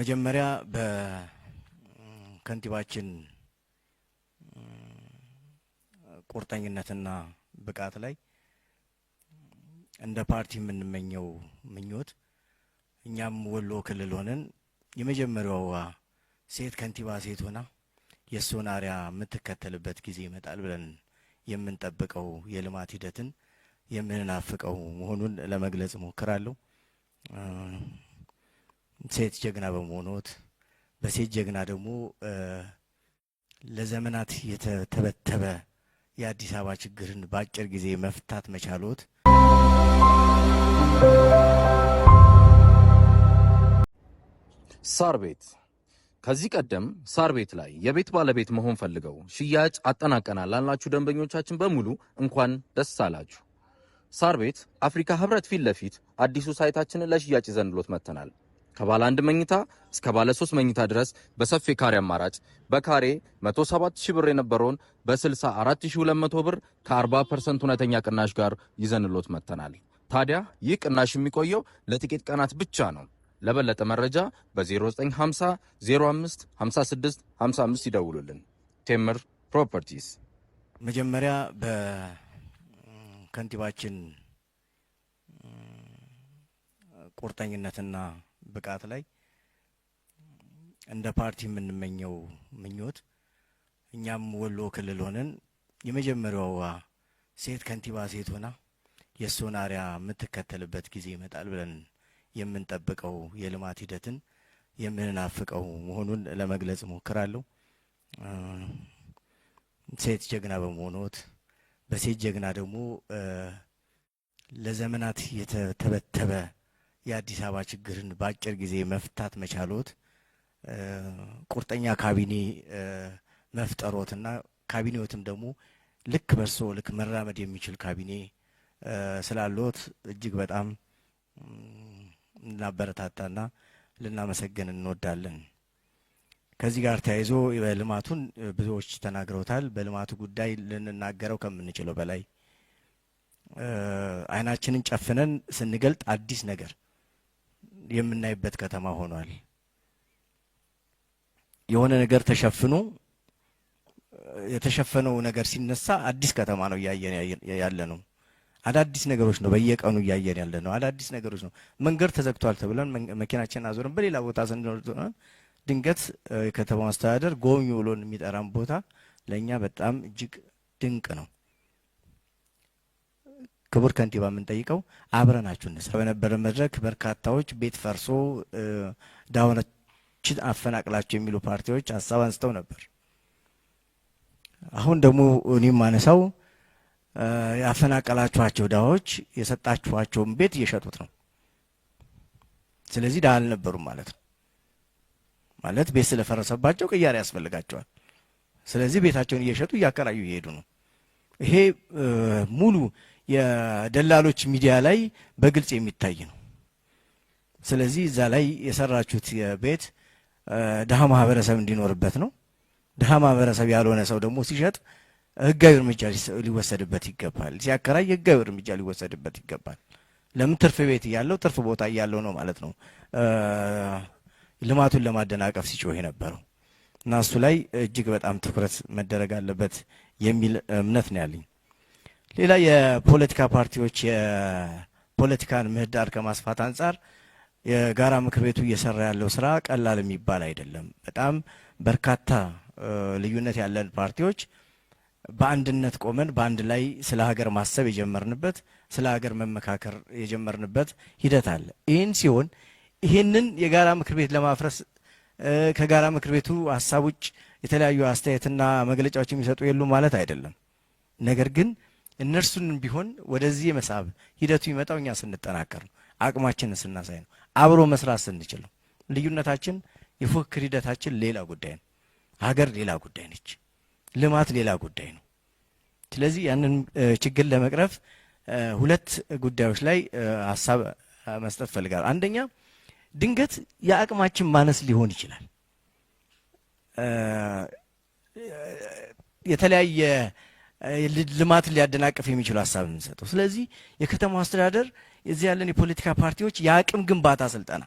መጀመሪያ በከንቲባችን ቁርጠኝነትና ብቃት ላይ እንደ ፓርቲ የምንመኘው ምኞት እኛም ወሎ ክልል ሆነን የመጀመሪያዋ ሴት ከንቲባ ሴት ሆና የእሱን አሪያ የምትከተልበት ጊዜ ይመጣል ብለን የምንጠብቀው የልማት ሂደትን የምንናፍቀው መሆኑን ለመግለጽ እሞክራለሁ። ሴት ጀግና በመሆኖት በሴት ጀግና ደግሞ ለዘመናት የተተበተበ የአዲስ አበባ ችግርን በአጭር ጊዜ መፍታት መቻሎት ሳር ቤት ከዚህ ቀደም ሳር ቤት ላይ የቤት ባለቤት መሆን ፈልገው ሽያጭ አጠናቀናል ላላችሁ ደንበኞቻችን በሙሉ እንኳን ደስ አላችሁ። ሳር ቤት አፍሪካ ህብረት ፊት ለፊት አዲሱ ሳይታችንን ለሽያጭ ይዘንሎት መጥተናል። ከባለ አንድ መኝታ እስከ ባለ ሶስት መኝታ ድረስ በሰፊ ካሬ አማራጭ በካሬ 107 ብር የነበረውን በ64200 ብር ከ40 ፐርሰንት እውነተኛ ቅናሽ ጋር ይዘንሎት መጥተናል። ታዲያ ይህ ቅናሽ የሚቆየው ለጥቂት ቀናት ብቻ ነው። ለበለጠ መረጃ በ0950 05 56 55 ይደውሉልን። ቴምር ፕሮፐርቲስ። መጀመሪያ በከንቲባችን ቁርጠኝነትና ብቃት ላይ እንደ ፓርቲ የምንመኘው ምኞት እኛም ወሎ ክልል ሆነን የመጀመሪያዋ ሴት ከንቲባ ሴት ሆና የእሱን አሪያ የምትከተልበት ጊዜ ይመጣል ብለን የምንጠብቀው የልማት ሂደትን የምንናፍቀው መሆኑን ለመግለጽ እሞክራለሁ። ሴት ጀግና በመሆኖት በሴት ጀግና ደግሞ ለዘመናት የተተበተበ የአዲስ አበባ ችግርን በአጭር ጊዜ መፍታት መቻሎት ቁርጠኛ ካቢኔ መፍጠሮት እና ካቢኔዎትም ደግሞ ልክ በርሶ ልክ መራመድ የሚችል ካቢኔ ስላለት እጅግ በጣም ልናበረታታና ልናመሰግን እንወዳለን። ከዚህ ጋር ተያይዞ ልማቱን ብዙዎች ተናግረውታል። በልማቱ ጉዳይ ልንናገረው ከምንችለው በላይ አይናችንን ጨፍነን ስንገልጥ አዲስ ነገር የምናይበት ከተማ ሆኗል። የሆነ ነገር ተሸፍኖ የተሸፈነው ነገር ሲነሳ አዲስ ከተማ ነው እያየን ያለ ነው። አዳዲስ ነገሮች ነው በየቀኑ እያየን ያለ ነው። አዳዲስ ነገሮች ነው። መንገድ ተዘግቷል ተብለን መኪናችን አዞረን በሌላ ቦታ ስንኖር ድንገት የከተማው አስተዳደር ጎብኝ ብሎን የሚጠራን ቦታ ለእኛ በጣም እጅግ ድንቅ ነው። ክቡር ከንቲባ የምንጠይቀው አብረናችሁ እንስራ። በነበረ መድረክ በርካታዎች ቤት ፈርሶ ዳሆነች አፈናቅላቸው የሚሉ ፓርቲዎች ሀሳብ አንስተው ነበር። አሁን ደግሞ እኔም ማነሳው ያፈናቀላችኋቸው ዳዎች የሰጣችኋቸውን ቤት እየሸጡት ነው። ስለዚህ ዳ አልነበሩም ማለት ነው። ማለት ቤት ስለፈረሰባቸው ቅያሬ ያስፈልጋቸዋል። ስለዚህ ቤታቸውን እየሸጡ እያከራዩ እየሄዱ ነው። ይሄ ሙሉ የደላሎች ሚዲያ ላይ በግልጽ የሚታይ ነው። ስለዚህ እዛ ላይ የሰራችሁት ቤት ድሃ ማህበረሰብ እንዲኖርበት ነው። ድሃ ማህበረሰብ ያልሆነ ሰው ደግሞ ሲሸጥ ህጋዊ እርምጃ ሊወሰድበት ይገባል። ሲያከራይ ህጋዊ እርምጃ ሊወሰድበት ይገባል። ለምን ትርፍ ቤት እያለው ትርፍ ቦታ እያለው ነው ማለት ነው ልማቱን ለማደናቀፍ ሲጮህ የነበረው እና እሱ ላይ እጅግ በጣም ትኩረት መደረግ አለበት የሚል እምነት ነው ያለኝ። ሌላ የፖለቲካ ፓርቲዎች የፖለቲካን ምህዳር ከማስፋት አንጻር የጋራ ምክር ቤቱ እየሰራ ያለው ስራ ቀላል የሚባል አይደለም። በጣም በርካታ ልዩነት ያለን ፓርቲዎች በአንድነት ቆመን በአንድ ላይ ስለ ሀገር ማሰብ የጀመርንበት ስለ ሀገር መመካከር የጀመርንበት ሂደት አለ። ይህን ሲሆን ይህንን የጋራ ምክር ቤት ለማፍረስ ከጋራ ምክር ቤቱ ሀሳብ ውጭ የተለያዩ አስተያየትና መግለጫዎች የሚሰጡ የሉ ማለት አይደለም። ነገር ግን እነርሱንም ቢሆን ወደዚህ የመሳብ ሂደቱ ይመጣው እኛ ስንጠናከር ነው፣ አቅማችንን ስናሳይ ነው፣ አብሮ መስራት ስንችል ነው። ልዩነታችን የፉክክር ሂደታችን ሌላ ጉዳይ ነው። ሀገር ሌላ ጉዳይ ነች። ልማት ሌላ ጉዳይ ነው። ስለዚህ ያንን ችግር ለመቅረፍ ሁለት ጉዳዮች ላይ ሀሳብ መስጠት ፈልጋል። አንደኛ ድንገት የአቅማችን ማነስ ሊሆን ይችላል የተለያየ ልማትን ሊያደናቅፍ የሚችሉ ሀሳብ የምንሰጠው። ስለዚህ የከተማ አስተዳደር እዚህ ያለን የፖለቲካ ፓርቲዎች የአቅም ግንባታ ስልጠና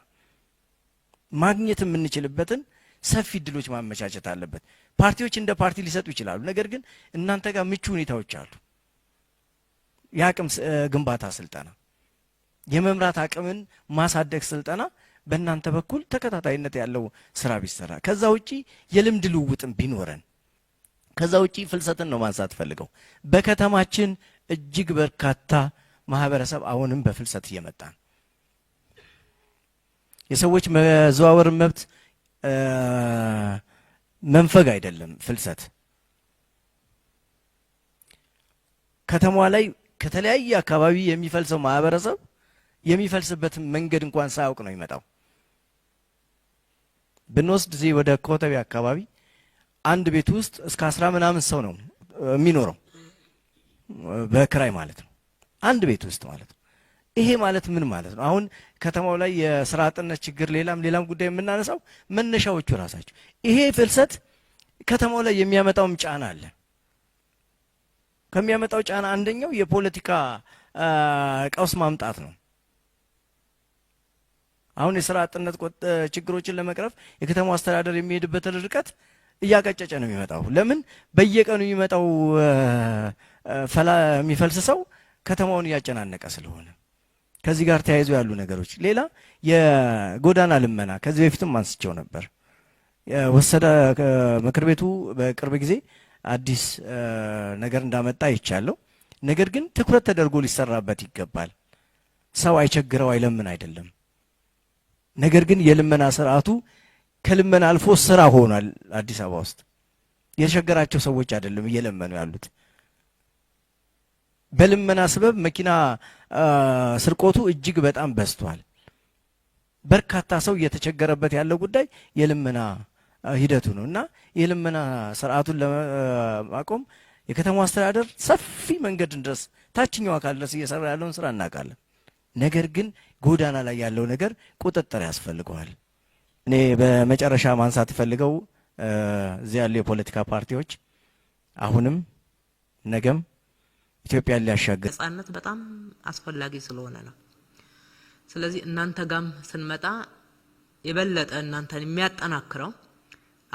ማግኘት የምንችልበትን ሰፊ እድሎች ማመቻቸት አለበት። ፓርቲዎች እንደ ፓርቲ ሊሰጡ ይችላሉ። ነገር ግን እናንተ ጋር ምቹ ሁኔታዎች አሉ። የአቅም ግንባታ ስልጠና፣ የመምራት አቅምን ማሳደግ ስልጠና በእናንተ በኩል ተከታታይነት ያለው ስራ ቢሰራ፣ ከዛ ውጪ የልምድ ልውውጥም ቢኖረን ከዛ ውጪ ፍልሰትን ነው ማንሳት ፈልገው። በከተማችን እጅግ በርካታ ማህበረሰብ አሁንም በፍልሰት እየመጣ ነው። የሰዎች መዘዋወር መብት መንፈግ አይደለም ፍልሰት። ከተማዋ ላይ ከተለያየ አካባቢ የሚፈልሰው ማህበረሰብ የሚፈልስበትን መንገድ እንኳን ሳያውቅ ነው ይመጣው። ብንወስድ ወደ ኮተቤ አካባቢ አንድ ቤት ውስጥ እስከ አስራ ምናምን ሰው ነው የሚኖረው በክራይ ማለት ነው። አንድ ቤት ውስጥ ማለት ነው። ይሄ ማለት ምን ማለት ነው? አሁን ከተማው ላይ የስራ አጥነት ችግር፣ ሌላም ሌላም ጉዳይ የምናነሳው መነሻዎቹ ራሳቸው ይሄ ፍልሰት ከተማው ላይ የሚያመጣውም ጫና አለ። ከሚያመጣው ጫና አንደኛው የፖለቲካ ቀውስ ማምጣት ነው። አሁን የስራ አጥነት ችግሮችን ለመቅረፍ የከተማው አስተዳደር የሚሄድበትን ርቀት እያቀጨጨ ነው የሚመጣው። ለምን በየቀኑ የሚመጣው ፈላ የሚፈልስ ሰው ከተማውን እያጨናነቀ ስለሆነ ከዚህ ጋር ተያይዞ ያሉ ነገሮች። ሌላ የጎዳና ልመና ከዚህ በፊትም አንስቸው ነበር። ወሰደ ምክር ቤቱ በቅርብ ጊዜ አዲስ ነገር እንዳመጣ ይቻለው። ነገር ግን ትኩረት ተደርጎ ሊሰራበት ይገባል። ሰው አይቸግረው አይለምን አይደለም። ነገር ግን የልመና ስርዓቱ ከልመና አልፎ ስራ ሆኗል። አዲስ አበባ ውስጥ የተቸገራቸው ሰዎች አይደለም እየለመኑ ያሉት። በልመና ስበብ መኪና ስርቆቱ እጅግ በጣም በዝቷል። በርካታ ሰው እየተቸገረበት ያለው ጉዳይ የልመና ሂደቱ ነው እና የልመና ስርዓቱን ለማቆም የከተማ አስተዳደር ሰፊ መንገድን ድረስ ታችኛው አካል ድረስ እየሰራ ያለውን ስራ እናውቃለን። ነገር ግን ጎዳና ላይ ያለው ነገር ቁጥጥር ያስፈልገዋል። እኔ በመጨረሻ ማንሳት ፈልገው እዚህ ያሉ የፖለቲካ ፓርቲዎች አሁንም ነገም ኢትዮጵያን ሊያሻገር ነጻነት በጣም አስፈላጊ ስለሆነ ነው። ስለዚህ እናንተ ጋም ስንመጣ የበለጠ እናንተን የሚያጠናክረው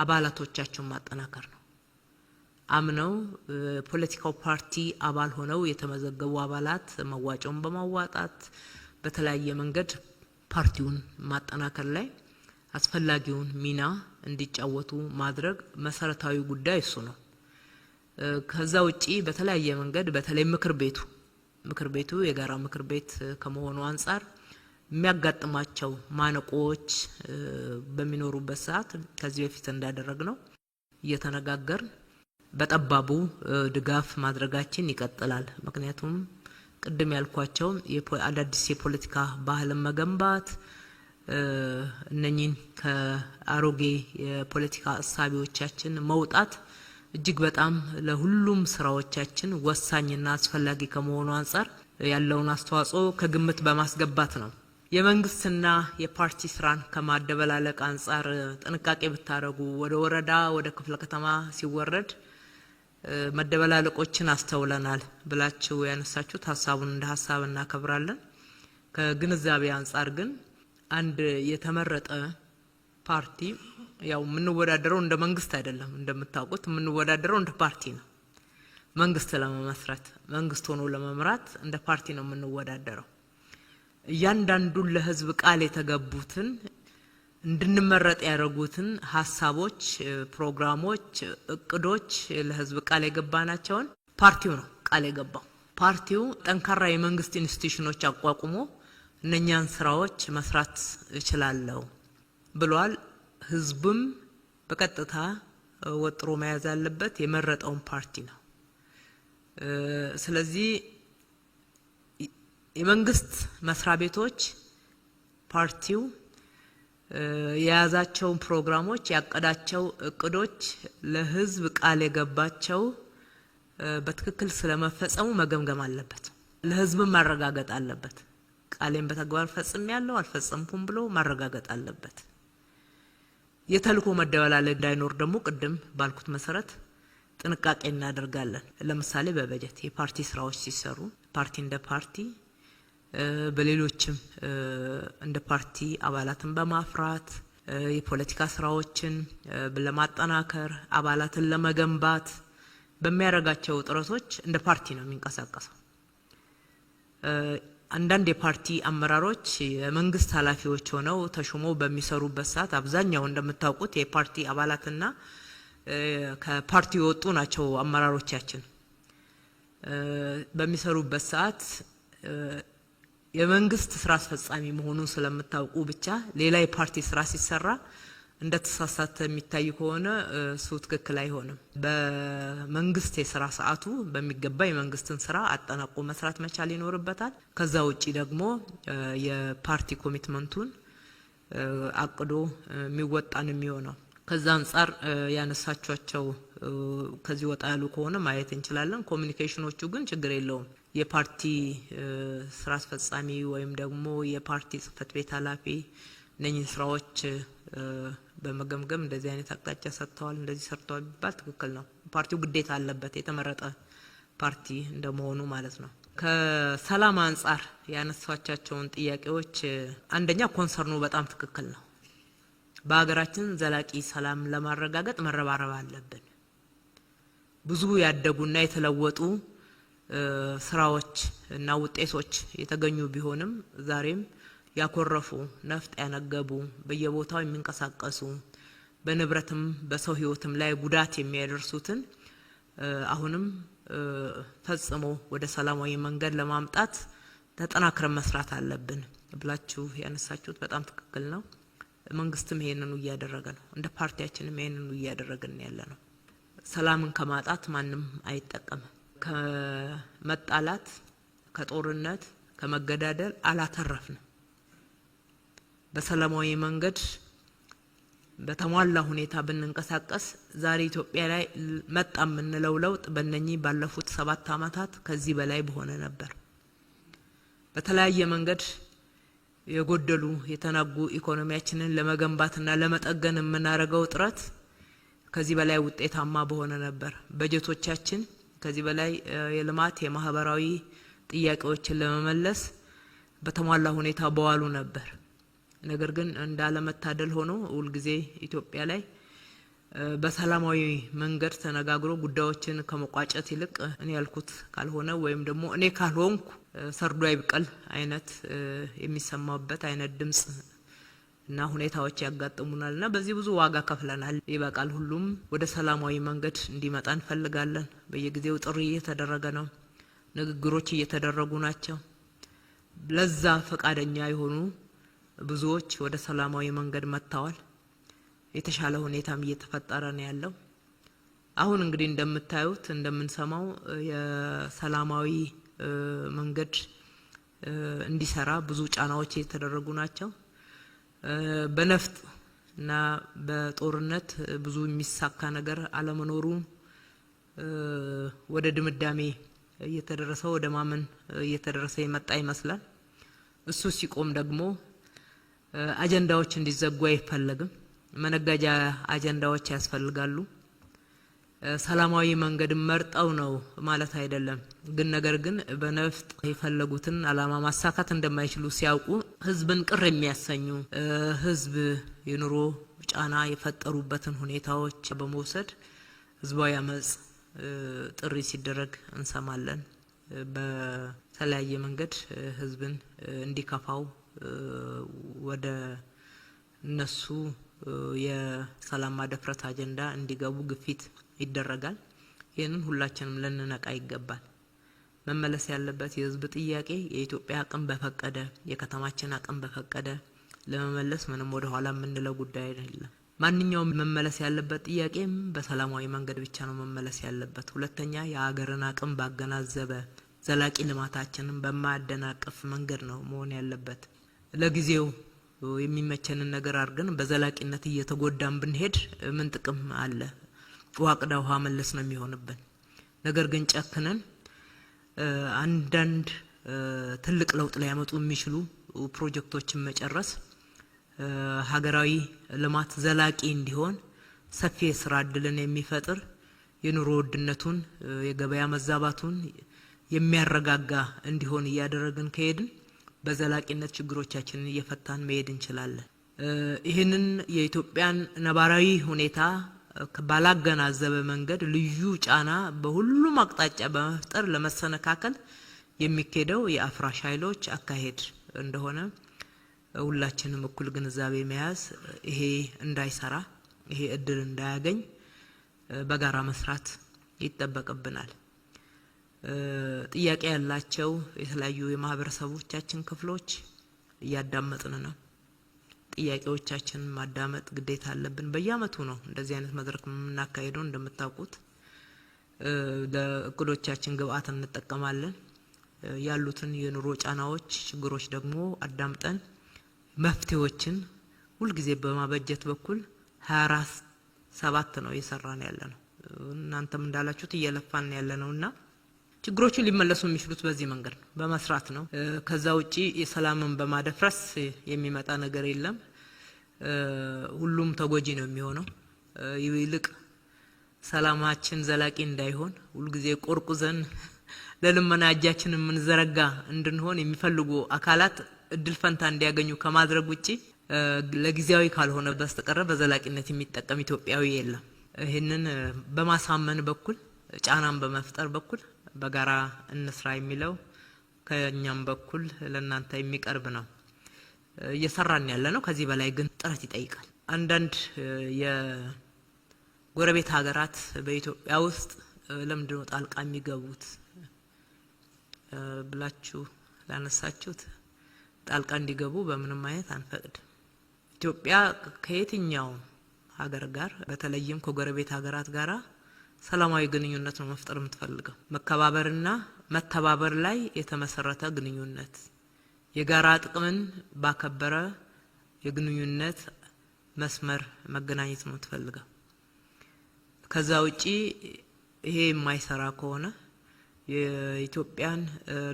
አባላቶቻችሁን ማጠናከር ነው። አምነው ፖለቲካው ፓርቲ አባል ሆነው የተመዘገቡ አባላት መዋጮውን በማዋጣት በተለያየ መንገድ ፓርቲውን ማጠናከር ላይ አስፈላጊውን ሚና እንዲጫወቱ ማድረግ መሰረታዊ ጉዳይ እሱ ነው። ከዛ ውጪ በተለያየ መንገድ በተለይ ምክር ቤቱ ምክር ቤቱ የጋራ ምክር ቤት ከመሆኑ አንጻር የሚያጋጥማቸው ማነቆዎች በሚኖሩበት ሰዓት ከዚህ በፊት እንዳደረግ ነው እየተነጋገር በጠባቡ ድጋፍ ማድረጋችን ይቀጥላል። ምክንያቱም ቅድም ያልኳቸው አዳዲስ የፖለቲካ ባህልን መገንባት እነኚህን ከአሮጌ የፖለቲካ እሳቢዎቻችን መውጣት እጅግ በጣም ለሁሉም ስራዎቻችን ወሳኝና አስፈላጊ ከመሆኑ አንጻር ያለውን አስተዋጽኦ ከግምት በማስገባት ነው። የመንግስትና የፓርቲ ስራን ከማደበላለቅ አንጻር ጥንቃቄ ብታደርጉ፣ ወደ ወረዳ ወደ ክፍለ ከተማ ሲወረድ መደበላለቆችን አስተውለናል ብላችሁ ያነሳችሁት ሀሳቡን እንደ ሀሳብ እናከብራለን። ከግንዛቤ አንጻር ግን አንድ የተመረጠ ፓርቲ ያው የምንወዳደረው እንደ መንግስት አይደለም። እንደምታውቁት የምንወዳደረው እንደ ፓርቲ ነው። መንግስት ለመመስረት መንግስት ሆኖ ለመምራት እንደ ፓርቲ ነው የምንወዳደረው። እያንዳንዱን ለህዝብ ቃል የተገቡትን እንድንመረጥ ያደረጉትን ሀሳቦች፣ ፕሮግራሞች፣ እቅዶች ለህዝብ ቃል የገባናቸውን ፓርቲው ነው ቃል የገባው። ፓርቲው ጠንካራ የመንግስት ኢንስቲትዩሽኖች አቋቁሞ እነኛን ስራዎች መስራት እችላለሁ ብሏል። ህዝቡም በቀጥታ ወጥሮ መያዝ ያለበት የመረጠውን ፓርቲ ነው። ስለዚህ የመንግስት መስሪያ ቤቶች ፓርቲው የያዛቸውን ፕሮግራሞች፣ ያቀዳቸው እቅዶች ለህዝብ ቃል የገባቸው በትክክል ስለመፈጸሙ መገምገም አለበት። ለህዝብም ማረጋገጥ አለበት። ቃሌን በተግባር ፈጽም ያለው አልፈጸምኩም ብሎ ማረጋገጥ አለበት። የተልእኮ መደበላለቅ እንዳይኖር ደግሞ ቅድም ባልኩት መሰረት ጥንቃቄ እናደርጋለን። ለምሳሌ በበጀት የፓርቲ ስራዎች ሲሰሩ ፓርቲ እንደ ፓርቲ በሌሎችም እንደ ፓርቲ አባላትን በማፍራት የፖለቲካ ስራዎችን ለማጠናከር አባላትን ለመገንባት በሚያደርጋቸው ጥረቶች እንደ ፓርቲ ነው የሚንቀሳቀሰው። አንዳንድ የፓርቲ አመራሮች የመንግስት ኃላፊዎች ሆነው ተሾመው በሚሰሩበት ሰዓት አብዛኛው እንደምታውቁት የፓርቲ አባላትና ከፓርቲ የወጡ ናቸው። አመራሮቻችን በሚሰሩበት ሰዓት የመንግስት ስራ አስፈጻሚ መሆኑን ስለምታውቁ ብቻ ሌላ የፓርቲ ስራ ሲሰራ እንደተሳሳተ የሚታይ ከሆነ እሱ ትክክል አይሆንም። በመንግስት የስራ ሰዓቱ በሚገባ የመንግስትን ስራ አጠናቆ መስራት መቻል ይኖርበታል። ከዛ ውጪ ደግሞ የፓርቲ ኮሚትመንቱን አቅዶ የሚወጣን የሚሆነው። ከዛ አንጻር ያነሳቸቸው ከዚህ ወጣ ያሉ ከሆነ ማየት እንችላለን። ኮሚኒኬሽኖቹ ግን ችግር የለውም። የፓርቲ ስራ አስፈጻሚ ወይም ደግሞ የፓርቲ ጽህፈት ቤት ኃላፊ እነኝህን ስራዎች በመገምገም እንደዚህ አይነት አቅጣጫ ሰጥተዋል፣ እንደዚህ ሰርተዋል ቢባል ትክክል ነው። ፓርቲው ግዴታ አለበት፣ የተመረጠ ፓርቲ እንደመሆኑ ማለት ነው። ከሰላም አንጻር ያነሷቻቸውን ጥያቄዎች አንደኛ ኮንሰርኑ በጣም ትክክል ነው። በሀገራችን ዘላቂ ሰላም ለማረጋገጥ መረባረብ አለብን። ብዙ ያደጉና የተለወጡ ስራዎች እና ውጤቶች የተገኙ ቢሆንም ዛሬም ያኮረፉ ነፍጥ ያነገቡ በየቦታው የሚንቀሳቀሱ በንብረትም በሰው ሕይወትም ላይ ጉዳት የሚያደርሱትን አሁንም ፈጽሞ ወደ ሰላማዊ መንገድ ለማምጣት ተጠናክረን መስራት አለብን ብላችሁ ያነሳችሁት በጣም ትክክል ነው። መንግስትም ይሄንኑ እያደረገ ነው። እንደ ፓርቲያችንም ይሄንኑ እያደረግን ያለ ነው። ሰላምን ከማጣት ማንም አይጠቀምም። ከመጣላት፣ ከጦርነት፣ ከመገዳደል አላተረፍንም። በሰላማዊ መንገድ በተሟላ ሁኔታ ብንንቀሳቀስ ዛሬ ኢትዮጵያ ላይ መጣ የምንለው ለውጥ በእነኚህ ባለፉት ሰባት አመታት ከዚህ በላይ በሆነ ነበር። በተለያየ መንገድ የጎደሉ የተናጉ ኢኮኖሚያችንን ለመገንባትና ለመጠገን የምናደርገው ጥረት ከዚህ በላይ ውጤታማ በሆነ ነበር። በጀቶቻችን ከዚህ በላይ የልማት የማህበራዊ ጥያቄዎችን ለመመለስ በተሟላ ሁኔታ በዋሉ ነበር። ነገር ግን እንዳለመታደል ሆኖ ሁልጊዜ ኢትዮጵያ ላይ በሰላማዊ መንገድ ተነጋግሮ ጉዳዮችን ከመቋጨት ይልቅ እኔ ያልኩት ካልሆነ ወይም ደግሞ እኔ ካልሆንኩ ሰርዶ አይብቀል አይነት የሚሰማበት አይነት ድምጽ እና ሁኔታዎች ያጋጥሙናል እና በዚህ ብዙ ዋጋ ከፍለናል። ይበቃል። ሁሉም ወደ ሰላማዊ መንገድ እንዲመጣ እንፈልጋለን። በየጊዜው ጥሪ እየተደረገ ነው። ንግግሮች እየተደረጉ ናቸው። ለዛ ፈቃደኛ የሆኑ ብዙዎች ወደ ሰላማዊ መንገድ መጥተዋል። የተሻለ ሁኔታም እየተፈጠረ ነው ያለው። አሁን እንግዲህ እንደምታዩት እንደምንሰማው የሰላማዊ መንገድ እንዲሰራ ብዙ ጫናዎች የተደረጉ ናቸው። በነፍጥ እና በጦርነት ብዙ የሚሳካ ነገር አለመኖሩ ወደ ድምዳሜ እየተደረሰ ወደ ማመን እየተደረሰ የመጣ ይመስላል። እሱ ሲቆም ደግሞ አጀንዳዎች እንዲዘጉ አይፈለግም። መነገጃ አጀንዳዎች ያስፈልጋሉ። ሰላማዊ መንገድ መርጠው ነው ማለት አይደለም፣ ግን ነገር ግን በነፍጥ የፈለጉትን አላማ ማሳካት እንደማይችሉ ሲያውቁ ህዝብን ቅር የሚያሰኙ ህዝብ የኑሮ ጫና የፈጠሩበትን ሁኔታዎች በመውሰድ ህዝባዊ አመፅ ጥሪ ሲደረግ እንሰማለን። በተለያየ መንገድ ህዝብን እንዲከፋው ወደ እነሱ የሰላም ማደፍረት አጀንዳ እንዲገቡ ግፊት ይደረጋል። ይህንን ሁላችንም ልንነቃ ይገባል። መመለስ ያለበት የህዝብ ጥያቄ የኢትዮጵያ አቅም በፈቀደ የከተማችን አቅም በፈቀደ ለመመለስ ምንም ወደ ኋላ የምንለው ጉዳይ አይደለም። ማንኛውም መመለስ ያለበት ጥያቄም በሰላማዊ መንገድ ብቻ ነው መመለስ ያለበት። ሁለተኛ የሀገርን አቅም ባገናዘበ ዘላቂ ልማታችንን በማያደናቅፍ መንገድ ነው መሆን ያለበት። ለጊዜው የሚመቸንን ነገር አድርገን በዘላቂነት እየተጎዳን ብንሄድ ምን ጥቅም አለ? ዋቅዳ ውሃ መለስ ነው የሚሆንብን። ነገር ግን ጨክነን አንዳንድ ትልቅ ለውጥ ሊያመጡ የሚችሉ ፕሮጀክቶችን መጨረስ ሀገራዊ ልማት ዘላቂ እንዲሆን ሰፊ የስራ እድልን የሚፈጥር የኑሮ ውድነቱን፣ የገበያ መዛባቱን የሚያረጋጋ እንዲሆን እያደረግን ከሄድን በዘላቂነት ችግሮቻችንን እየፈታን መሄድ እንችላለን። ይህንን የኢትዮጵያን ነባራዊ ሁኔታ ባላገናዘበ መንገድ ልዩ ጫና በሁሉም አቅጣጫ በመፍጠር ለመሰነካከል የሚካሄደው የአፍራሽ ኃይሎች አካሄድ እንደሆነ ሁላችንም እኩል ግንዛቤ መያዝ፣ ይሄ እንዳይሰራ፣ ይሄ እድል እንዳያገኝ በጋራ መስራት ይጠበቅብናል። ጥያቄ ያላቸው የተለያዩ የማህበረሰቦቻችን ክፍሎች እያዳመጥን ነው። ጥያቄዎቻችን ማዳመጥ ግዴታ አለብን። በየአመቱ ነው እንደዚህ አይነት መድረክ የምናካሄደው። እንደምታውቁት ለእቅዶቻችን ግብአት እንጠቀማለን። ያሉትን የኑሮ ጫናዎች፣ ችግሮች ደግሞ አዳምጠን መፍትሄዎችን ሁልጊዜ በማበጀት በኩል ሀያ አራት ሰባት ነው እየሰራን ያለ ነው። እናንተም እንዳላችሁት እየለፋን ያለ ነው እና ችግሮቹ ሊመለሱ የሚችሉት በዚህ መንገድ ነው፣ በመስራት ነው። ከዛ ውጪ ሰላምን በማደፍረስ የሚመጣ ነገር የለም። ሁሉም ተጎጂ ነው የሚሆነው። ይልቅ ሰላማችን ዘላቂ እንዳይሆን ሁልጊዜ ቆርቁዘን ለልመና እጃችን የምንዘረጋ እንድንሆን የሚፈልጉ አካላት እድል ፈንታ እንዲያገኙ ከማድረግ ውጪ ለጊዜያዊ ካልሆነ በስተቀረ በዘላቂነት የሚጠቀም ኢትዮጵያዊ የለም። ይህንን በማሳመን በኩል ጫናን በመፍጠር በኩል በጋራ እንስራ የሚለው ከኛም በኩል ለእናንተ የሚቀርብ ነው። እየሰራን ያለ ነው። ከዚህ በላይ ግን ጥረት ይጠይቃል። አንዳንድ የጎረቤት ሀገራት በኢትዮጵያ ውስጥ ለምንድነው ጣልቃ የሚገቡት ብላችሁ ላነሳችሁት ጣልቃ እንዲገቡ በምንም አይነት አንፈቅድም። ኢትዮጵያ ከየትኛው ሀገር ጋር በተለይም ከጎረቤት ሀገራት ጋራ ሰላማዊ ግንኙነት ነው መፍጠር የምትፈልገው። መከባበርና መተባበር ላይ የተመሰረተ ግንኙነት፣ የጋራ ጥቅምን ባከበረ የግንኙነት መስመር መገናኘት ነው የምትፈልገው። ከዛ ውጪ ይሄ የማይሰራ ከሆነ የኢትዮጵያን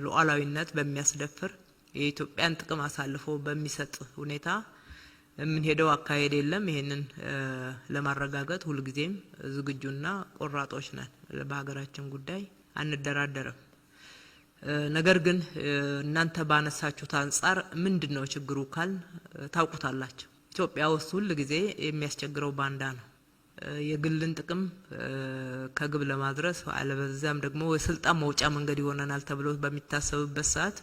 ሉዓላዊነት በሚያስደፍር የኢትዮጵያን ጥቅም አሳልፎ በሚሰጥ ሁኔታ የምንሄደው አካሄድ የለም። ይሄንን ለማረጋገጥ ሁልጊዜም ዝግጁና ቆራጦች ነን። በሀገራችን ጉዳይ አንደራደርም። ነገር ግን እናንተ ባነሳችሁት አንጻር ምንድን ነው ችግሩ ካል ታውቁታላችሁ። ኢትዮጵያ ውስጥ ሁል ጊዜ የሚያስቸግረው ባንዳ ነው። የግልን ጥቅም ከግብ ለማድረስ አለበዛም ደግሞ የስልጣን መውጫ መንገድ ይሆነናል ተብሎ በሚታሰብበት ሰዓት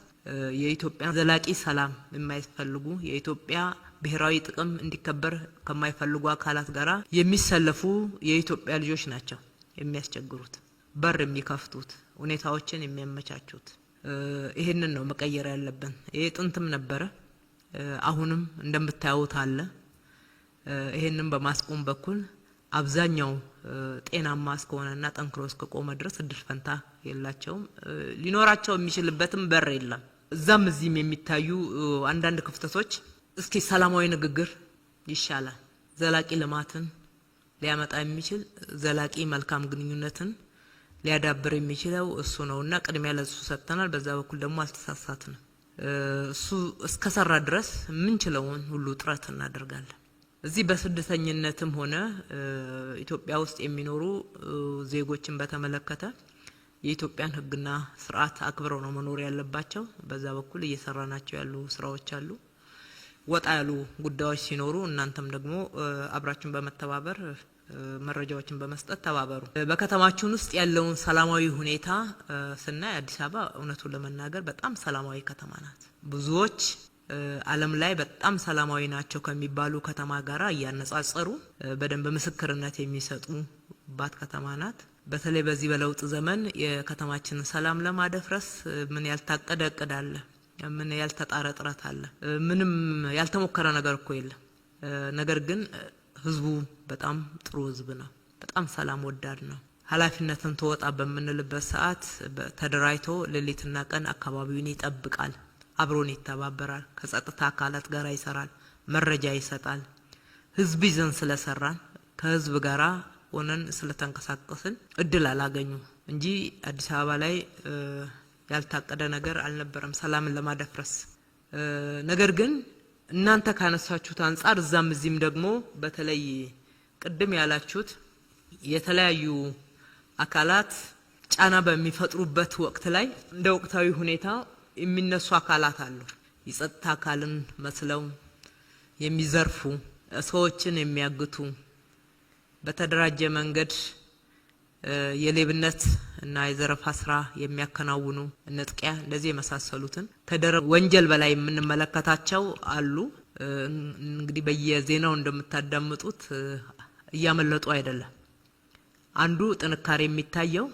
የኢትዮጵያ ዘላቂ ሰላም የማይፈልጉ የኢትዮጵያ ብሔራዊ ጥቅም እንዲከበር ከማይፈልጉ አካላት ጋራ የሚሰለፉ የኢትዮጵያ ልጆች ናቸው የሚያስቸግሩት፣ በር የሚከፍቱት፣ ሁኔታዎችን የሚያመቻቹት። ይህንን ነው መቀየር ያለብን። ይህ ጥንትም ነበረ፣ አሁንም እንደምታዩት አለ። ይህንን በማስቆም በኩል አብዛኛው ጤናማ እስከሆነና ጠንክሮ እስከቆመ ድረስ እድል ፈንታ የላቸውም። ሊኖራቸው የሚችልበትም በር የለም። እዛም እዚህም የሚታዩ አንዳንድ ክፍተቶች እስኪ ሰላማዊ ንግግር ይሻላል። ዘላቂ ልማትን ሊያመጣ የሚችል ዘላቂ መልካም ግንኙነትን ሊያዳብር የሚችለው እሱ ነው እና ቅድሚያ ለሱ ሰጥተናል። በዛ በኩል ደግሞ አልተሳሳትንም። እሱ እስከሰራ ድረስ የምንችለውን ሁሉ ጥረት እናደርጋለን። እዚህ በስደተኝነትም ሆነ ኢትዮጵያ ውስጥ የሚኖሩ ዜጎችን በተመለከተ የኢትዮጵያን ሕግና ስርዓት አክብረው ነው መኖር ያለባቸው። በዛ በኩል እየሰራ ናቸው ያሉ ስራዎች አሉ። ወጣ ያሉ ጉዳዮች ሲኖሩ እናንተም ደግሞ አብራችን በመተባበር መረጃዎችን በመስጠት ተባበሩ። በከተማችን ውስጥ ያለውን ሰላማዊ ሁኔታ ስናይ አዲስ አበባ እውነቱን ለመናገር በጣም ሰላማዊ ከተማ ናት። ብዙዎች ዓለም ላይ በጣም ሰላማዊ ናቸው ከሚባሉ ከተማ ጋራ እያነጻጸሩ በደንብ ምስክርነት የሚሰጡባት ከተማ ናት። በተለይ በዚህ በለውጥ ዘመን የከተማችንን ሰላም ለማደፍረስ ምን ያልታቀደ እቅድ አለ? ምን ያልተጣረ ጥረት አለ? ምንም ያልተሞከረ ነገር እኮ የለም። ነገር ግን ህዝቡ በጣም ጥሩ ህዝብ ነው። በጣም ሰላም ወዳድ ነው። ኃላፊነትን ተወጣ በምንልበት ሰዓት ተደራጅቶ ሌሊትና ቀን አካባቢውን ይጠብቃል፣ አብሮን ይተባበራል፣ ከጸጥታ አካላት ጋር ይሰራል፣ መረጃ ይሰጣል። ህዝብ ይዘን ስለሰራን ከህዝብ ጋራ ሆነን ስለተንቀሳቀስን እድል አላገኙ እንጂ አዲስ አበባ ላይ ያልታቀደ ነገር አልነበረም ሰላምን ለማደፍረስ። ነገር ግን እናንተ ካነሳችሁት አንጻር እዛም እዚህም ደግሞ በተለይ ቅድም ያላችሁት የተለያዩ አካላት ጫና በሚፈጥሩበት ወቅት ላይ እንደ ወቅታዊ ሁኔታ የሚነሱ አካላት አሉ። የጸጥታ አካልን መስለው የሚዘርፉ ሰዎችን የሚያግቱ በተደራጀ መንገድ የሌብነት እና የዘረፋ ስራ የሚያከናውኑ ንጥቂያ፣ እንደዚህ የመሳሰሉትን ከደረ ወንጀል በላይ የምንመለከታቸው አሉ። እንግዲህ በየዜናው እንደምታዳምጡት እያመለጡ አይደለም። አንዱ ጥንካሬ የሚታየው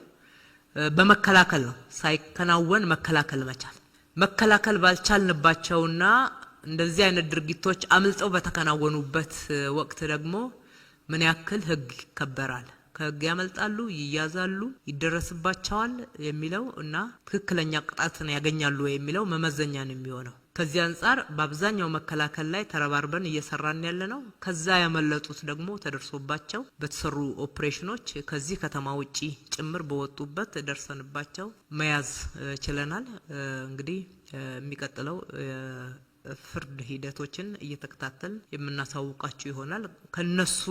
በመከላከል ነው። ሳይከናወን መከላከል መቻል መከላከል ባልቻልንባቸውና እንደዚህ አይነት ድርጊቶች አምልጠው በተከናወኑበት ወቅት ደግሞ ምን ያክል ህግ ይከበራል? ከህግ ያመልጣሉ፣ ይያዛሉ፣ ይደረስባቸዋል የሚለው እና ትክክለኛ ቅጣትን ያገኛሉ የሚለው መመዘኛ ነው የሚሆነው። ከዚህ አንጻር በአብዛኛው መከላከል ላይ ተረባርበን እየሰራን ያለ ነው። ከዛ ያመለጡት ደግሞ ተደርሶባቸው በተሰሩ ኦፕሬሽኖች ከዚህ ከተማ ውጪ ጭምር በወጡበት ደርሰንባቸው መያዝ ችለናል። እንግዲህ የሚቀጥለው ፍርድ ሂደቶችን እየተከታተል የምናሳውቃችሁ ይሆናል። ከነሱ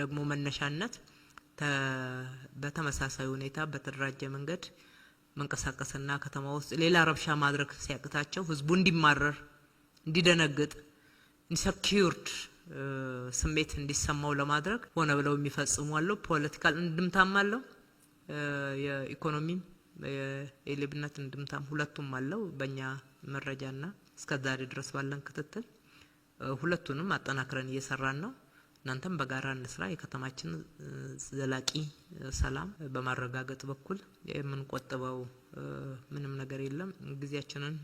ደግሞ መነሻነት በተመሳሳይ ሁኔታ በተደራጀ መንገድ መንቀሳቀስና ከተማ ውስጥ ሌላ ረብሻ ማድረግ ሲያቅታቸው ህዝቡ እንዲማረር፣ እንዲደነግጥ፣ ኢንሰኪርድ ስሜት እንዲሰማው ለማድረግ ሆነ ብለው የሚፈጽሙ አለው። ፖለቲካል እንድምታም አለው። የኢኮኖሚም የሌብነት እንድምታም ሁለቱም አለው። በእኛ መረጃና እስከዛሬ ድረስ ባለን ክትትል ሁለቱንም አጠናክረን እየሰራን ነው። እናንተም በጋራ እንስራ። የከተማችን ዘላቂ ሰላም በማረጋገጥ በኩል የምንቆጥበው ምንም ነገር የለም። ጊዜያችንን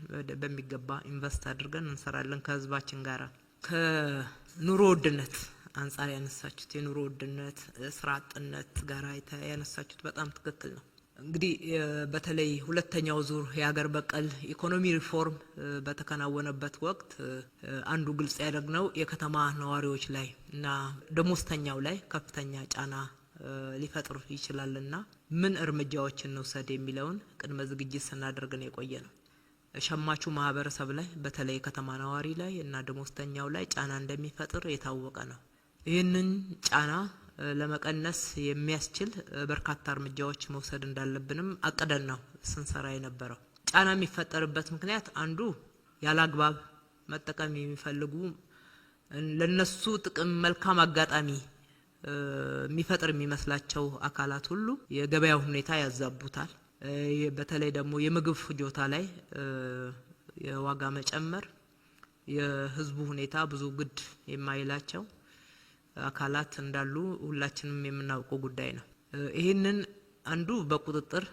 በሚገባ ኢንቨስት አድርገን እንሰራለን ከህዝባችን ጋራ። ከኑሮ ውድነት አንጻር ያነሳችሁት የኑሮ ውድነት ስራ አጥነት ጋራ ያነሳችሁት በጣም ትክክል ነው። እንግዲህ በተለይ ሁለተኛው ዙር የሀገር በቀል ኢኮኖሚ ሪፎርም በተከናወነበት ወቅት አንዱ ግልጽ ያደረግነው የከተማ ነዋሪዎች ላይ እና ደሞዝተኛው ላይ ከፍተኛ ጫና ሊፈጥር ይችላልና ምን እርምጃዎችን እንውሰድ የሚለውን ቅድመ ዝግጅት ስናደርግን የቆየ ነው። ሸማቹ ማህበረሰብ ላይ በተለይ ከተማ ነዋሪ ላይ እና ደሞዝተኛው ላይ ጫና እንደሚፈጥር የታወቀ ነው። ይህንን ጫና ለመቀነስ የሚያስችል በርካታ እርምጃዎች መውሰድ እንዳለብንም አቅደን ነው ስንሰራ የነበረው። ጫና የሚፈጠርበት ምክንያት አንዱ ያለ አግባብ መጠቀም የሚፈልጉ ለነሱ ጥቅም መልካም አጋጣሚ የሚፈጥር የሚመስላቸው አካላት ሁሉ የገበያው ሁኔታ ያዛቡታል። በተለይ ደግሞ የምግብ ፍጆታ ላይ የዋጋ መጨመር የህዝቡ ሁኔታ ብዙ ግድ የማይላቸው አካላት እንዳሉ ሁላችንም የምናውቀው ጉዳይ ነው። ይህንን አንዱ በቁጥጥር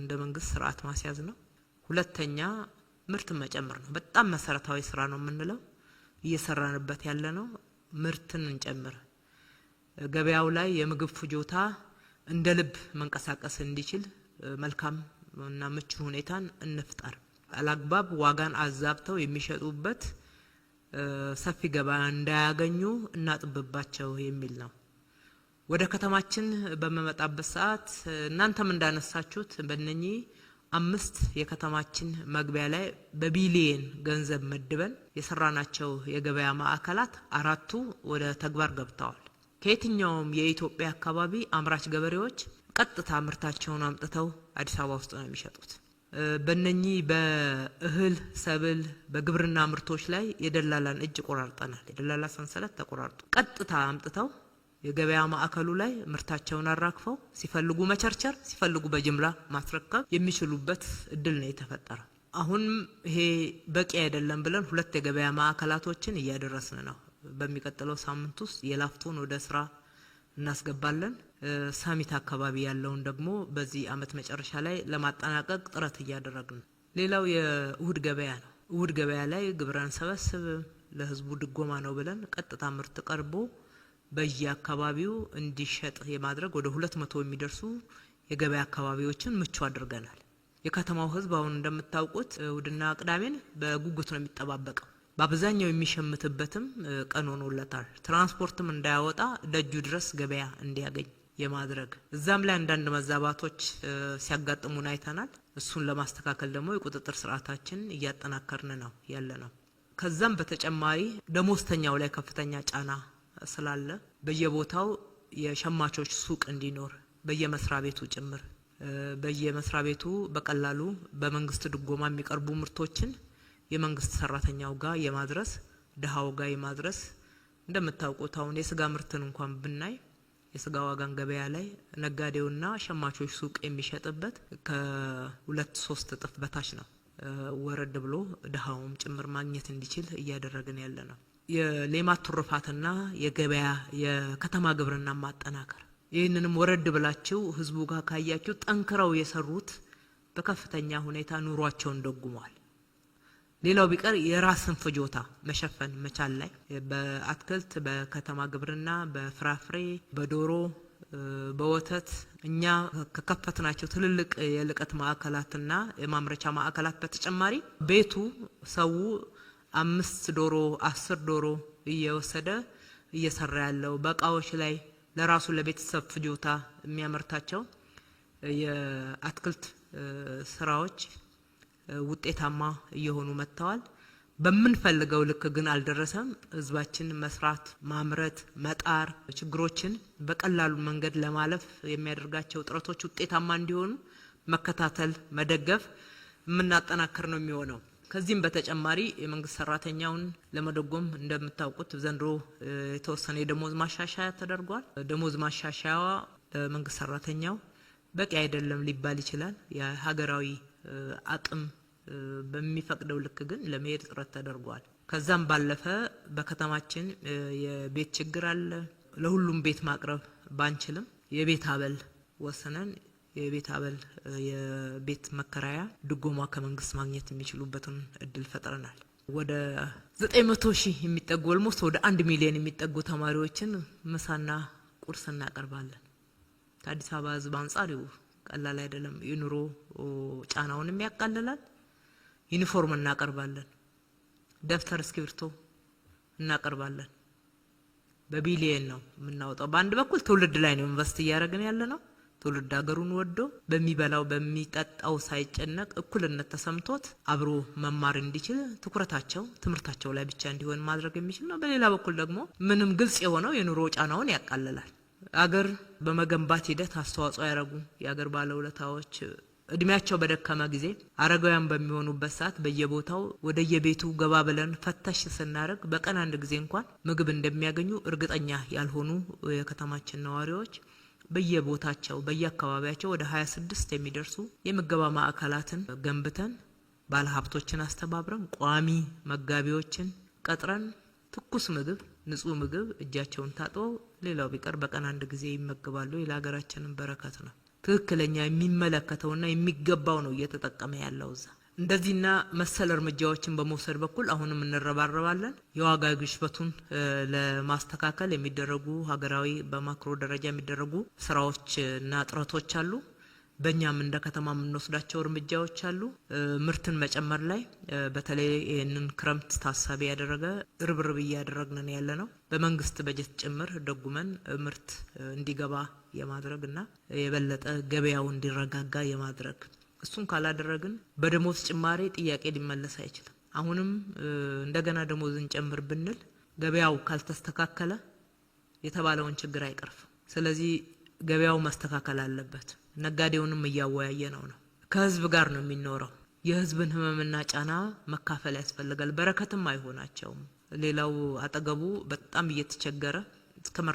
እንደ መንግስት ስርዓት ማስያዝ ነው። ሁለተኛ ምርት መጨመር ነው። በጣም መሰረታዊ ስራ ነው የምንለው እየሰራንበት ያለ ነው። ምርትን እንጨምር፣ ገበያው ላይ የምግብ ፍጆታ እንደ ልብ መንቀሳቀስ እንዲችል መልካም እና ምቹ ሁኔታን እንፍጠር። አላግባብ ዋጋን አዛብተው የሚሸጡበት ሰፊ ገባ እንዳያገኙ እናጥብባቸው የሚል ነው። ወደ ከተማችን በምመጣበት ሰዓት እናንተም እንዳነሳችሁት በነኚህ አምስት የከተማችን መግቢያ ላይ በቢሊየን ገንዘብ መድበን የሰራናቸው የገበያ ማዕከላት አራቱ ወደ ተግባር ገብተዋል። ከየትኛውም የኢትዮጵያ አካባቢ አምራች ገበሬዎች ቀጥታ ምርታቸውን አምጥተው አዲስ አበባ ውስጥ ነው የሚሸጡት። በነኚህ በእህል ሰብል፣ በግብርና ምርቶች ላይ የደላላን እጅ ቆራርጠናል። የደላላ ሰንሰለት ተቆራርጦ ቀጥታ አምጥተው የገበያ ማዕከሉ ላይ ምርታቸውን አራክፈው ሲፈልጉ መቸርቸር፣ ሲፈልጉ በጅምላ ማስረከብ የሚችሉበት እድል ነው የተፈጠረው። አሁን ይሄ በቂ አይደለም ብለን ሁለት የገበያ ማዕከላቶችን እያደረስን ነው። በሚቀጥለው ሳምንት ውስጥ የላፍቶን ወደ ስራ እናስገባለን። ሳሚት አካባቢ ያለውን ደግሞ በዚህ አመት መጨረሻ ላይ ለማጠናቀቅ ጥረት እያደረግ ነው። ሌላው የእሁድ ገበያ ነው። እሁድ ገበያ ላይ ግብረን ሰበስብ ለህዝቡ ድጎማ ነው ብለን ቀጥታ ምርት ቀርቦ በየአካባቢው እንዲሸጥ የማድረግ ወደ ሁለት መቶ የሚደርሱ የገበያ አካባቢዎችን ምቹ አድርገናል። የከተማው ህዝብ አሁን እንደምታውቁት እሁድና ቅዳሜን በጉጉት ነው የሚጠባበቀው። በአብዛኛው የሚሸምትበትም ቀን ሆኖለታል። ትራንስፖርትም እንዳያወጣ ደጁ ድረስ ገበያ እንዲያገኝ የማድረግ እዛም ላይ አንዳንድ መዛባቶች ሲያጋጥሙን አይተናል። እሱን ለማስተካከል ደግሞ የቁጥጥር ስርዓታችን እያጠናከርን ነው ያለ ነው። ከዛም በተጨማሪ ደሞዝተኛው ላይ ከፍተኛ ጫና ስላለ በየቦታው የሸማቾች ሱቅ እንዲኖር በየመስሪያ ቤቱ ጭምር በየመስሪያ ቤቱ በቀላሉ በመንግስት ድጎማ የሚቀርቡ ምርቶችን የመንግስት ሰራተኛው ጋር የማድረስ ድሃው ጋር የማድረስ እንደምታውቁት አሁን የስጋ ምርትን እንኳን ብናይ የስጋ ዋጋን ገበያ ላይ ነጋዴውና ሸማቾች ሱቅ የሚሸጥበት ከሁለት ሶስት እጥፍ በታች ነው። ወረድ ብሎ ድሃውም ጭምር ማግኘት እንዲችል እያደረግን ያለ ነው። የሌማት ትሩፋትና የገበያ የከተማ ግብርና ማጠናከር ይህንንም ወረድ ብላችሁ ህዝቡ ጋር ካያችሁ ጠንክረው የሰሩት በከፍተኛ ሁኔታ ኑሯቸውን ደጉሟል። ሌላው ቢቀር የራስን ፍጆታ መሸፈን መቻል ላይ በአትክልት፣ በከተማ ግብርና፣ በፍራፍሬ፣ በዶሮ፣ በወተት እኛ ከከፈትናቸው ትልልቅ የልቀት ማዕከላትና የማምረቻ ማዕከላት በተጨማሪ ቤቱ ሰው አምስት ዶሮ አስር ዶሮ እየወሰደ እየሰራ ያለው በእቃዎች ላይ ለራሱ ለቤተሰብ ፍጆታ የሚያመርታቸው የአትክልት ስራዎች ውጤታማ እየሆኑ መጥተዋል። በምንፈልገው ልክ ግን አልደረሰም። ህዝባችን መስራት፣ ማምረት፣ መጣር ችግሮችን በቀላሉ መንገድ ለማለፍ የሚያደርጋቸው ጥረቶች ውጤታማ እንዲሆኑ መከታተል፣ መደገፍ የምናጠናክር ነው የሚሆነው። ከዚህም በተጨማሪ የመንግስት ሰራተኛውን ለመደጎም እንደምታውቁት ዘንድሮ የተወሰነ የደሞዝ ማሻሻያ ተደርጓል። ደሞዝ ማሻሻያዋ ለመንግስት ሰራተኛው በቂ አይደለም ሊባል ይችላል። የሀገራዊ አቅም በሚፈቅደው ልክ ግን ለመሄድ ጥረት ተደርጓል። ከዛም ባለፈ በከተማችን የቤት ችግር አለ። ለሁሉም ቤት ማቅረብ ባንችልም የቤት አበል ወስነን የቤት አበል የቤት መከራያ ድጎማ ከመንግስት ማግኘት የሚችሉበትን እድል ፈጥረናል። ወደ ዘጠኝ መቶ ሺህ የሚጠጉ ወልሞስ ወደ አንድ ሚሊዮን የሚጠጉ ተማሪዎችን ምሳና ቁርስ እናቀርባለን። ከአዲስ አበባ ህዝብ አንጻር ቀላል አይደለም። የኑሮ ጫናውንም ያቃልላል። ዩኒፎርም እናቀርባለን፣ ደብተር እስክሪብቶ እናቀርባለን። በቢሊየን ነው የምናወጣው። በአንድ በኩል ትውልድ ላይ ነው ኢንቨስት እያደረግን ያለ ነው። ትውልድ ሀገሩን ወዶ በሚበላው በሚጠጣው ሳይጨነቅ እኩልነት ተሰምቶት አብሮ መማር እንዲችል ትኩረታቸው ትምህርታቸው ላይ ብቻ እንዲሆን ማድረግ የሚችል ነው። በሌላ በኩል ደግሞ ምንም ግልጽ የሆነው የኑሮ ጫናውን ያቃልላል። አገር በመገንባት ሂደት አስተዋጽኦ ያደረጉ የአገር ባለውለታዎች እድሜያቸው በደከመ ጊዜ አረጋውያን በሚሆኑበት ሰዓት በየቦታው ወደየቤቱ ገባ ብለን ፈተሽ ስናደርግ በቀን አንድ ጊዜ እንኳን ምግብ እንደሚያገኙ እርግጠኛ ያልሆኑ የከተማችን ነዋሪዎች በየቦታቸው በየአካባቢያቸው ወደ 26 የሚደርሱ የምገባ ማዕከላትን ገንብተን ባለሀብቶችን አስተባብረን ቋሚ መጋቢዎችን ቀጥረን ትኩስ ምግብ ንጹህ ምግብ እጃቸውን ታጥበው ሌላው ቢቀር በቀን አንድ ጊዜ ይመገባሉ። ለሀገራችንም በረከት ነው። ትክክለኛ የሚመለከተውና የሚገባው ነው እየተጠቀመ ያለው እዛ። እንደዚህና መሰል እርምጃዎችን በመውሰድ በኩል አሁንም እንረባረባለን። የዋጋ ግሽበቱን ለማስተካከል የሚደረጉ ሀገራዊ በማክሮ ደረጃ የሚደረጉ ስራዎች እና ጥረቶች አሉ። በእኛም እንደ ከተማ የምንወስዳቸው እርምጃዎች አሉ። ምርትን መጨመር ላይ በተለይ ይህንን ክረምት ታሳቢ ያደረገ ርብርብ እያደረግን ያለ ነው። በመንግስት በጀት ጭምር ደጉመን ምርት እንዲገባ የማድረግ እና የበለጠ ገበያው እንዲረጋጋ የማድረግ እሱን ካላደረግን በደሞዝ ጭማሪ ጥያቄ ሊመለስ አይችልም። አሁንም እንደገና ደሞዝን ጨምር ብንል ገበያው ካልተስተካከለ የተባለውን ችግር አይቀርፍም። ስለዚህ ገበያው መስተካከል አለበት። ነጋዴውንም እያወያየ ነው ነው ከህዝብ ጋር ነው የሚኖረው። የህዝብን ህመምና ጫና መካፈል ያስፈልጋል። በረከትም አይሆናቸውም። ሌላው አጠገቡ በጣም እየተቸገረ እስከ